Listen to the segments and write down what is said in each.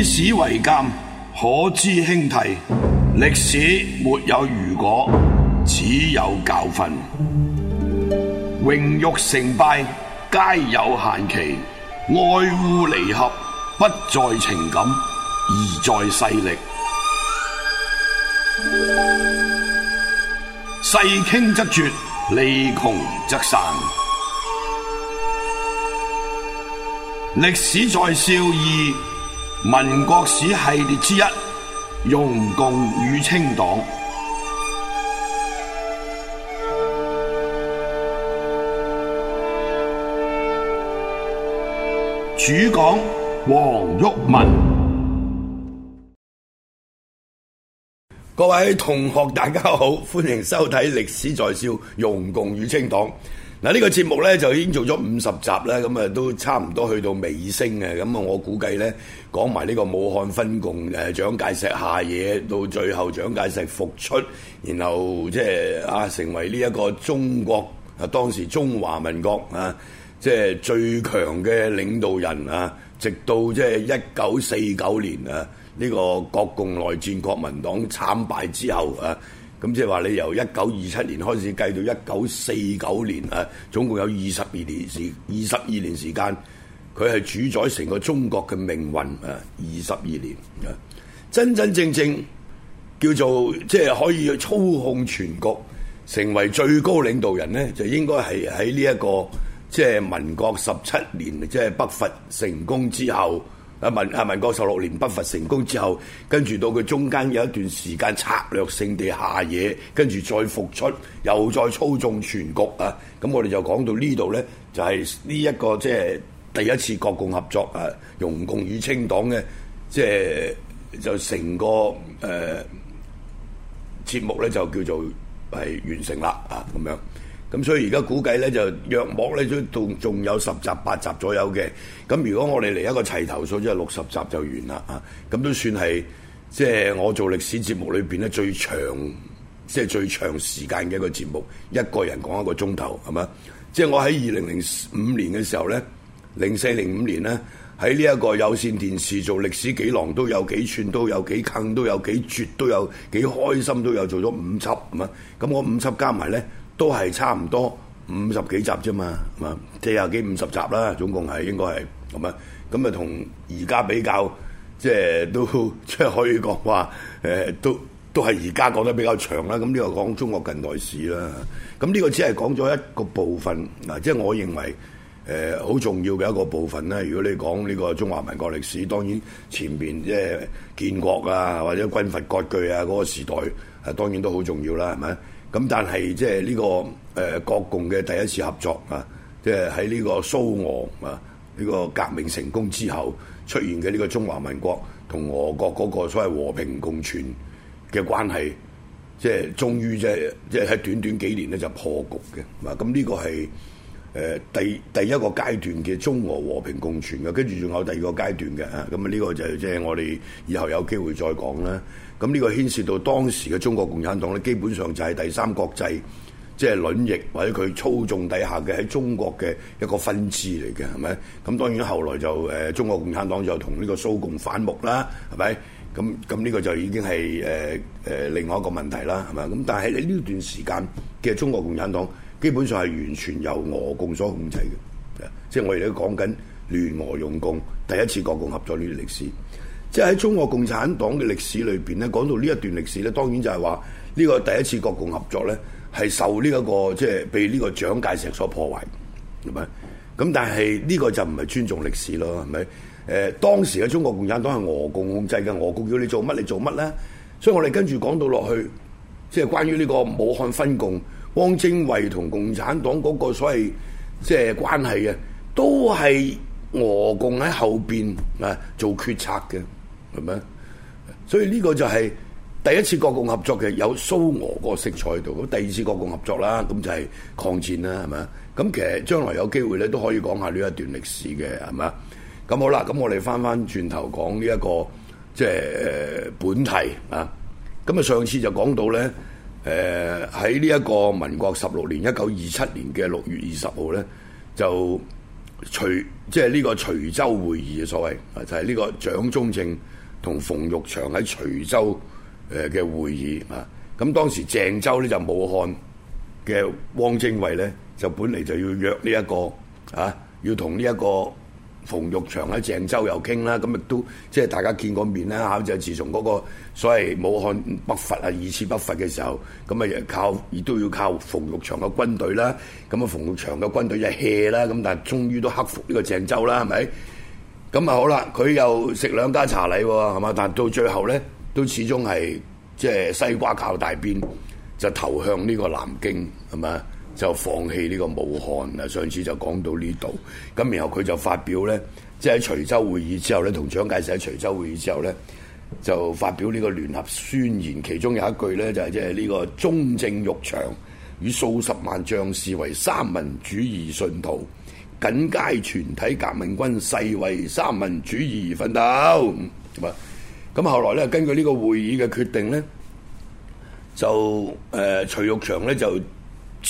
以史為鑑，可知興替。歷史沒有如果，只有教訓。榮辱成敗皆有限期，愛惡離合不在情感，而在勢力。世傾則絕，利窮則散。歷史在笑貳。民國史系列之一《容共與清黨》，主講黃毓民。各位同學，大家好，歡迎收睇《歷史在笑容共與清黨》。嗱、這、呢個節目呢，就已經做咗五十集啦，咁啊都差唔多去到尾聲嘅，咁啊我估計呢，講埋呢個武漢分共誒蔣介石下野，到最後蔣介石復出，然後即係啊成為呢一個中國啊當時中華民國啊即係最強嘅領導人啊，直到即係一九四九年啊呢個國共內戰國民黨慘敗之後啊。咁即係話你由一九二七年開始計到一九四九年啊，總共有二十二年時二十二年時間，佢係主宰成個中國嘅命運啊！二十二年啊，真真正正叫做即係、就是、可以操控全局，成為最高領導人咧，就應該係喺呢一個即係、就是、民國十七年即係、就是、北伐成功之後。啊，民啊民國十六年北伐成功之後，跟住到佢中間有一段時間策略性地下野，跟住再復出，又再操縱全局啊！咁我哋就講到這裡呢度咧，就係、是、呢一個即係第一次國共合作啊，容共與清黨嘅，即係就成、是、個誒、呃、節目咧，就叫做係完成啦啊咁樣。咁所以而家估計咧就約莫咧都仲仲有十集八集左右嘅。咁如果我哋嚟一個齊頭數，即係六十集就完啦啊！咁都算係即係我做歷史節目裏面咧最長，即係最長時間嘅一個節目，一個人講一個鐘頭係嘛？即係我喺二零零五年嘅時候咧，零四零五年咧喺呢一個有線電視做歷史幾浪都有幾串都有幾坑都有，幾，都有幾絕都有幾開心都有做咗五輯係嘛！咁我五輯加埋咧。都係差唔多五十幾集啫嘛，咁啊四幾五十集啦，總共係應該係咁啊。咁啊，同而家比較，即係都即係可以講話、欸、都都係而家講得比較長啦。咁呢個講中國近代史啦。咁呢個只係講咗一個部分嗱、啊，即係我認為誒好、呃、重要嘅一個部分啦。如果你講呢個中華民國歷史，當然前面即係建國啊，或者軍閥割據啊嗰、嗰個時代，誒、啊、當然都好重要啦，係咪？咁但係即係呢個誒國共嘅第一次合作啊，即係喺呢個蘇俄啊呢個革命成功之後出現嘅呢個中華民國同俄國嗰個所謂和平共存嘅關係，即係終於即係即係喺短短幾年咧就破局嘅，嗱，咁呢個係。誒第第一個階段嘅中俄和，和平共存嘅，跟住仲有第二個階段嘅啊，咁啊呢個就即係我哋以後有機會再講啦。咁呢個牽涉到當時嘅中國共產黨咧，基本上就係第三國際即係輪翼或者佢操縱底下嘅喺中國嘅一個分支嚟嘅，係咪？咁當然後來就誒中國共產黨就同呢個蘇共反目啦，係咪？咁咁呢個就已經係誒誒另外一個問題啦，係咪？咁但係喺呢段時間嘅中國共產黨。基本上係完全由俄共所控制嘅，即係我哋都講緊聯俄用共第一次國共合作呢段歷史，即係喺中國共產黨嘅歷史裏邊咧，講到呢一段歷史咧，當然就係話呢個第一次國共合作咧係受呢一個即係被呢個蔣介石所破壞，係咪？咁但係呢個就唔係尊重歷史咯，係咪？誒，當時嘅中國共產黨係俄共控制嘅，俄共叫你做乜你做乜呢？所以我哋跟住講到落去，即係關於呢個武漢分共。汪精衛同共產黨嗰個所謂即係關係啊，都係俄共喺後邊啊做決策嘅，係咪？所以呢個就係第一次國共合作嘅有蘇俄嗰個色彩喺度。咁第二次國共合作啦，咁就係抗戰啦，係咪？咁其實將來有機會咧都可以講下呢一段歷史嘅，係咪？咁好啦，咁我哋翻翻轉頭講呢一個即係、呃、本題啊。咁啊，上次就講到咧。誒喺呢一個民國十六年一九二七年嘅六月二十號咧，就徐即係呢個徐州會議嘅所謂，就係、是、呢個蔣中正同馮玉祥喺徐州誒嘅會議啊。咁當時鄭州咧，就武漢嘅汪精衛咧，就本嚟就要約呢、這、一個啊，要同呢一個。馮玉祥喺鄭州又傾啦，咁亦都即係大家見過面啦嚇。就自從嗰個所謂武漢北伐啊、二次北伐嘅時候，咁啊靠，亦都要靠馮玉祥嘅軍隊啦。咁啊，馮玉祥嘅軍隊就 hea 啦。咁但係終於都克服呢個鄭州啦，係咪？咁啊好啦，佢又食兩家茶禮喎，係嘛？但係到最後咧，都始終係即係西瓜靠大邊，就投向呢個南京，係嘛？是就放棄呢個武漢。上次就講到呢度，咁然後佢就發表呢，即係喺徐州會議之後呢，同蔣介石喺徐州會議之後呢，就發表呢個聯合宣言，其中有一句呢，就係即係呢個中正玉祥與數十萬將士為三民主義信徒，緊皆全體革命軍誓為三民主義奮奮鬥。咁後來後來根據呢個會議嘅決定呢，就誒、呃、徐玉祥呢，就。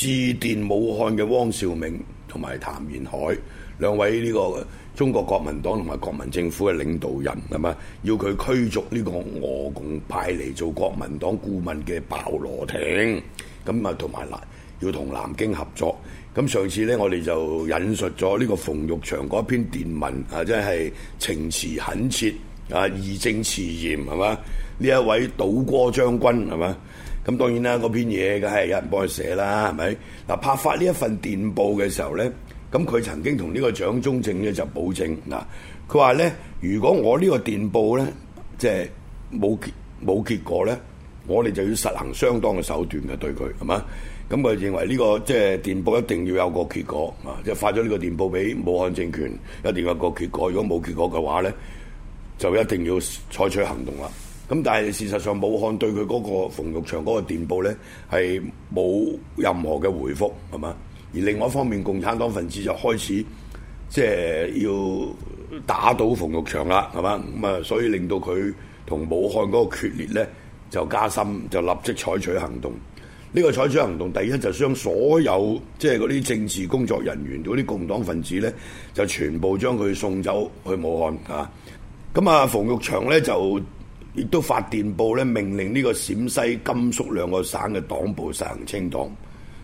致電武漢嘅汪兆銘同埋譚延海兩位呢個中國國民黨同埋國民政府嘅領導人係嘛，要佢驅逐呢個俄共派嚟做國民黨顧問嘅鮑羅廷，咁啊同埋嗱要同南京合作。咁上次呢，我哋就引述咗呢個馮玉祥嗰篇電文啊，真係情詞懇切啊，義正辭嚴係嘛。呢一位倒戈將軍係嘛。咁當然啦，嗰篇嘢梗係有人幫佢寫啦，係咪？嗱，拍發呢一份電報嘅時候咧，咁佢曾經同呢個蔣中正咧就保證嗱，佢話咧，如果我呢個電報咧，即係冇結冇結果咧，我哋就要實行相當嘅手段嘅對佢，係嘛？咁佢認為呢個即係電報一定要有個結果，即係發咗呢個電報俾武漢政權一定要有個結果。如果冇結果嘅話咧，就一定要採取行動啦。咁但係事實上，武漢對佢嗰個馮玉祥嗰個電報呢，係冇任何嘅回覆，係嘛？而另外一方面，共產黨分子就開始即係、就是、要打倒馮玉祥啦，係嘛？咁啊，所以令到佢同武漢嗰個決裂呢就加深，就立即採取行動。呢、這個採取行動，第一就將所有即係嗰啲政治工作人員，嗰啲共黨分子呢，就全部將佢送走去武漢啊！咁啊，馮玉祥呢就～亦都發電報咧，命令呢個陝西、甘肅兩個省嘅黨部實行清黨，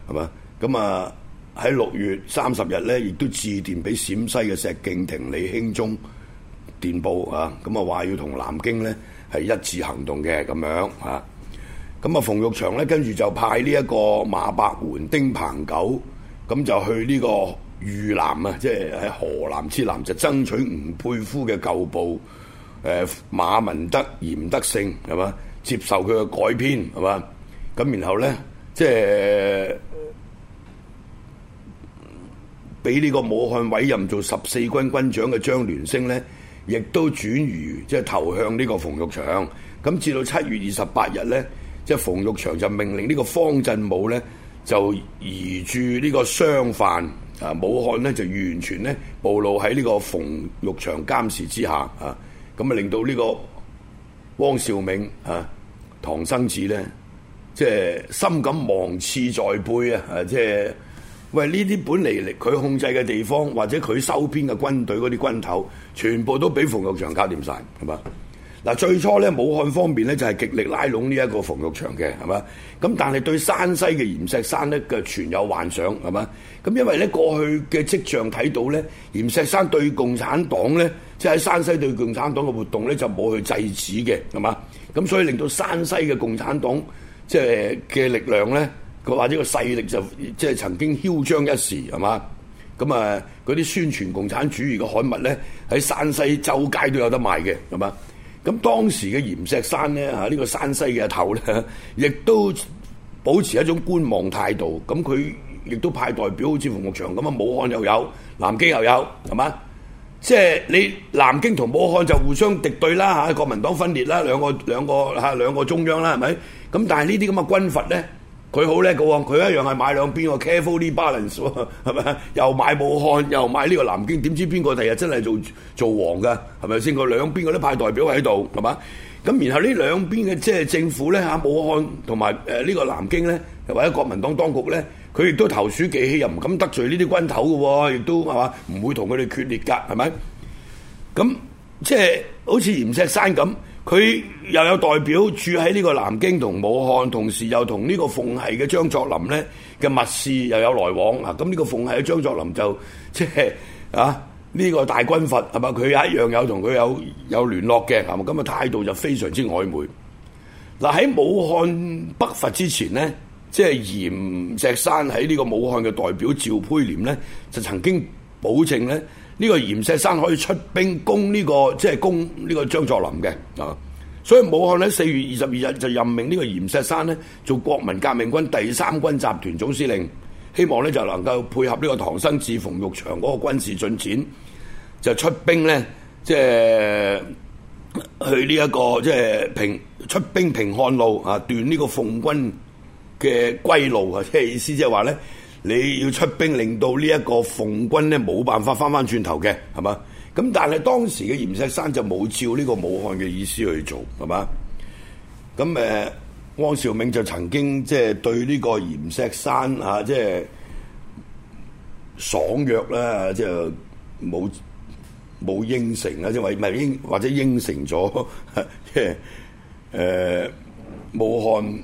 係嘛？咁啊喺六月三十日咧，亦都致電俾陝西嘅石敬亭、李興中電報嚇，咁啊話要同南京咧係一致行動嘅咁樣嚇。咁啊，馮玉祥咧跟住就派呢一個馬伯援、丁彭九，咁就去呢個豫南啊，即係喺河南之南，就爭取吳佩孚嘅舊部。誒，馬文德、嚴德勝係嘛，接受佢嘅改編係嘛，咁然後咧，即係俾呢個武漢委任做十四軍軍長嘅張聯升呢，亦都轉移即係投向呢個馮玉祥。咁至到七月二十八日呢，即係馮玉祥就命令呢個方振武呢，就移駐呢個襄樊啊，武漢呢，就完全呢暴露喺呢個馮玉祥監視之下啊。咁啊，令到呢個汪兆銘、唐生智咧，即係深感芒刺在背啊！啊，即係喂呢啲本嚟佢控制嘅地方，或者佢收編嘅軍隊嗰啲軍頭，全部都俾馮玉祥搞掂晒。係嘛？嗱，最初咧，武漢方面咧就係、是、極力拉攏呢一個馮玉祥嘅，係嘛？咁但係對山西嘅閻錫山咧嘅存有幻想，係嘛？咁因為咧過去嘅跡象睇到咧，閻錫山對共產黨咧，即係喺山西對共產黨嘅活動咧就冇去制止嘅，係嘛？咁所以令到山西嘅共產黨即係嘅力量咧，佢或者個勢力就即係、就是、曾經囂張一時，係嘛？咁啊，嗰啲宣傳共產主義嘅刊物咧喺山西周街都有得賣嘅，係嘛？咁當時嘅閻錫山咧呢，呢個山西嘅頭咧，亦都保持一種觀望態度。咁佢亦都派代表，好似馮玉祥咁啊，武漢又有，南京又有，係嘛？即係你南京同武漢就互相敵對啦嚇，國民黨分裂啦，兩個兩個嚇兩個中央啦，係咪？咁但係呢啲咁嘅軍閥咧，佢好叻㗎喎，佢一樣係買兩邊喎，carefully balance 喎，係咪？又買武漢，又買呢個南京，點知邊個第日真係做做王嘅？係咪先？佢兩邊嗰啲派代表喺度，係嘛？咁然後呢兩邊嘅即係政府咧嚇，武漢同埋誒，呢個南京咧，或者國民黨當局咧，佢亦都投鼠忌器，又唔敢得罪呢啲軍頭嘅喎，亦都係嘛？唔會同佢哋決裂㗎，係咪？咁即係好似閻錫山咁。佢又有代表住喺呢個南京同武漢，同時又同呢個奉系嘅張作霖呢嘅密使又有來往啊！咁呢個奉系嘅張作霖就即係、就是、啊呢、呢個大軍閥係咪？佢一樣有同佢有有聯絡嘅係嘛，咁嘅、那個、態度就非常之曖昧。嗱喺武漢北伐之前呢，即、就、係、是、閻錫山喺呢個武漢嘅代表趙佩廉呢，就曾經保證呢。呢個閻錫山可以出兵攻呢個即係攻呢個張作霖嘅啊，所以武漢咧四月二十二日就任命呢個閻錫山咧做國民革命軍第三軍集團總司令，希望咧就能夠配合呢個唐生智、馮玉祥嗰個軍事進展，就出兵咧即係去呢一個即係平出兵平漢路啊，斷呢個奉軍嘅歸路啊，即係意思即係話咧。你要出兵，令到呢一個奉軍咧冇辦法翻翻轉頭嘅，係嘛？咁但係當時嘅閻錫山就冇照呢個武漢嘅意思去做，係嘛？咁誒，汪兆銘就曾經即係、就是、對呢個閻錫山啊，即、就、係、是、爽約啦，即係冇冇應承啦，即係唔係或者應承咗即係誒武漢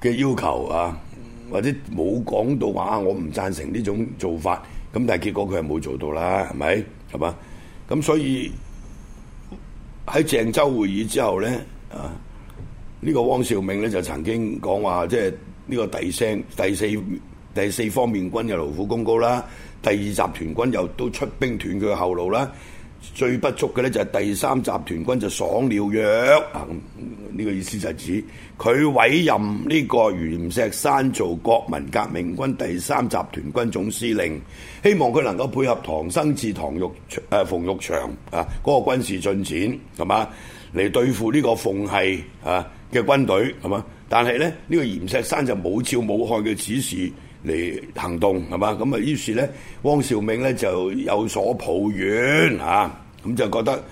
嘅要求啊，或者冇講到話，我唔贊成呢種做法，咁但係結果佢係冇做到啦，係咪？係嘛？咁所以喺鄭州會議之後咧，啊，呢、呢個汪兆銘咧就曾經講話，即係呢個第第四第四方面軍又勞苦功高啦，第二集團軍又都出兵斷佢後路啦，最不足嘅咧就係第三集團軍就爽了約。呢、這個意思就係指佢委任呢個閻錫山做國民革命軍第三集團軍總司令，希望佢能夠配合唐生智、唐玉誒、馮、呃、玉祥啊嗰、那個軍事進展，係嘛嚟對付呢個奉系啊嘅軍隊，係嘛？但係咧，呢、這個閻錫山就冇照武漢嘅指示嚟行動，係嘛？咁啊，於是咧，汪兆銘咧就有所抱怨啊，咁就覺得。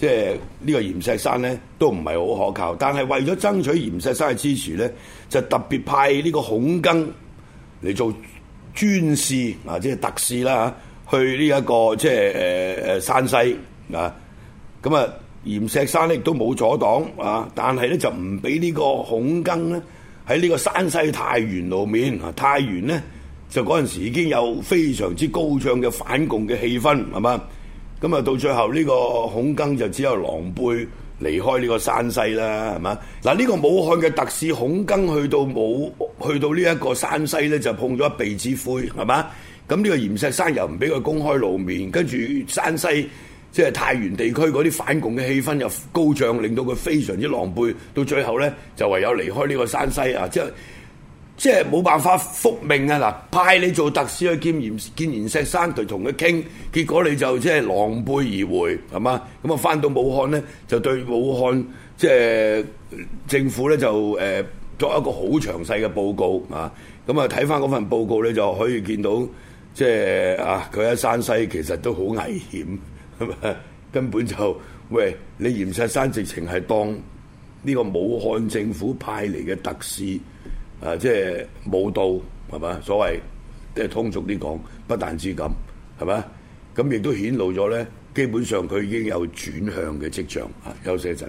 即係呢、這個閻錫山咧，都唔係好可靠。但係為咗爭取閻錫山嘅支持咧，就特別派呢個孔庚嚟做專使，嗱即係特使啦嚇，去呢、這、一個即係誒誒山西啊。咁啊，閻錫山咧亦都冇阻擋啊，但係咧就唔俾呢個孔庚咧喺呢在這個山西太原露面啊。太原咧就嗰陣時已經有非常之高漲嘅反共嘅氣氛，係嘛？咁啊，到最後呢個孔庚就只有狼狽離開呢個山西啦，係嘛？嗱，呢個武漢嘅特使孔庚去到武，去到呢一個山西咧，就碰咗一鼻子灰，係嘛？咁呢個閻錫山又唔俾佢公開露面，跟住山西即係太原地區嗰啲反共嘅氣氛又高漲，令到佢非常之狼狽，到最後咧就唯有離開呢個山西啊！即係。即係冇辦法覆命啊！嗱，派你做特使去見閻見閻錫山同同佢傾，結果你就即係狼狽而回，係嘛？咁啊，翻到武漢咧，就對武漢即係政府咧就誒、呃、作一個好詳細嘅報告啊！咁啊，睇翻嗰份報告咧就可以見到，即係啊，佢喺山西其實都好危險，係嘛，根本就喂你閻錫山直情係當呢個武漢政府派嚟嘅特使。啊，即係冇到，係嘛？所謂即係通俗啲講，不但止咁，係嘛？咁亦都顯露咗咧，基本上佢已經有轉向嘅跡象。啊，休息一陣。